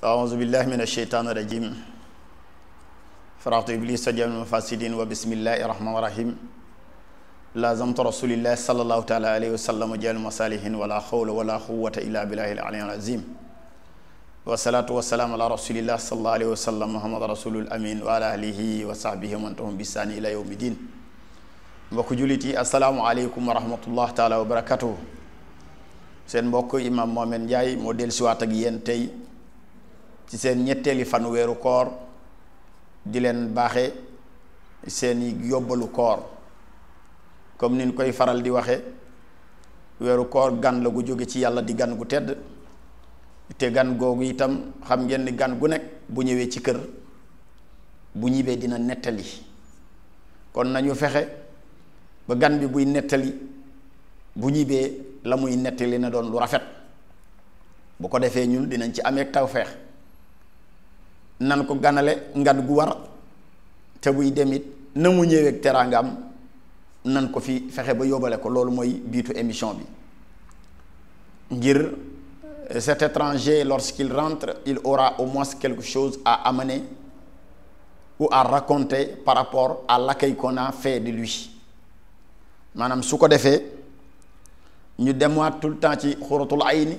أعوذ بالله من الشيطان الرجيم فرعت إبليس جميع المفاسدين وبسم الله الرحمن الرحيم لازمت رسول الله صلى الله تعالى عليه وسلم جل مصالحين ولا حول ولا قوة إلا بالله العلي العظيم والصلاة والسلام على رسول الله صلى الله عليه وسلم محمد رسول الأمين وعلى أهله وصحبه ومن تهم بسان إلى يوم الدين mbokk السلام عليكم ورحمة الله تعالى وبركاته wa barakatuhu seen mbokk imam Mohamed Ndiaye moo ci seen ñetteeli fanu weeru koor di leen baaxe seeni yóbbalu koor comme niñ koy faral di waxe weeru koor gan la gu jóge ci yàlla di gan gu tedd te gan googu itam xam ngeen gan gu nekk bu ñëwee ci kër bu ñibbee dina nettali kon nañu fexe ba gan bi buy nettali bu ñibbee la muy nettali na doon lu rafet bu ko defee ñun dinañ ci amee tawfeex nan ko ganale ngad gu war te buy demit namu ñewek terangam nan ko fi fexé ba yóbbale ko loolu moy biitu émission bi ngir euh, cet étranger lorsqu'il rentre il aura au moins quelque chose à amener ou à raconter par rapport à l'accueil qu'on a fait de lui manam su ko defee ñu demaat tout le temps ci xuratul ayni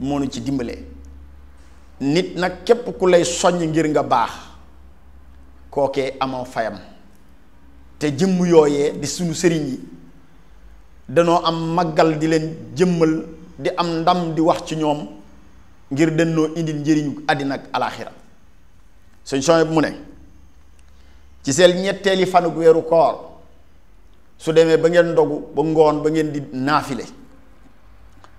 monu ci dimbalé nit nak képp ku lay soñ ngir nga bax koké amo fayam té jëm yoyé di sunu sëriñ yi dañoo am magal di leen jëmmal di am ndam di wax ci ñoom ngir dennoo indi njëriñu adina ak alakhirah sëñ soñ mu ne ci seen ñetteeli fanug weeru koor su démé ba ngeen dogu ba ngoon ba ngeen di nafilé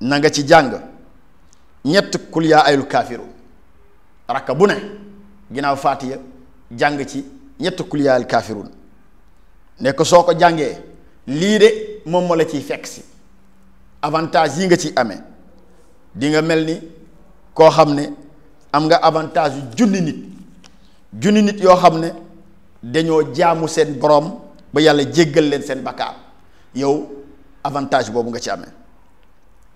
nanga ci jàng ñett kul yaa ayul kaafiru bu ne ginnaaw faatiya jàng ci ñett kul yaa nekk soo ko jàngee lii de moom moo la ciy fekk si avantage yi nga ciy ame di nga mel ni koo xam ne am nga avantage yu junni nit junni nit yoo xam ne dañoo jaamu seen boroom ba yàlla jéggal leen seen bakkaar yow avantage boobu nga ci amee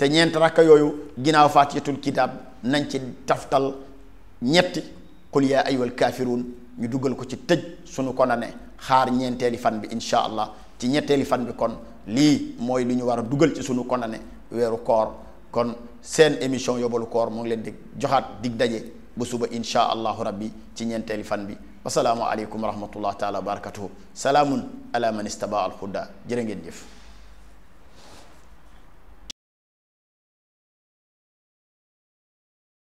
te ñeent rakk yooyu ginnaaw faatiyatul kitaab nañ ci taftal ñetti qul yaa ayyuhal kaafiruun ñu dugal ko ci tëj suñu kon ne xaar ñeenteeli fan bi insha allah ci ñetteeli fan bi kon lii mooy li ñu war a dugal ci suñu kon ne weeru koor kon seen émission yóbbalu koor mu ngi leen di joxaat dig daje ba suba insha allahu rabbi ci ñeenteeli fan bi wasalaamu aleykum wa rahmatullah taala wa barakatuhu salaamun ala man istaba al huda jërë jëf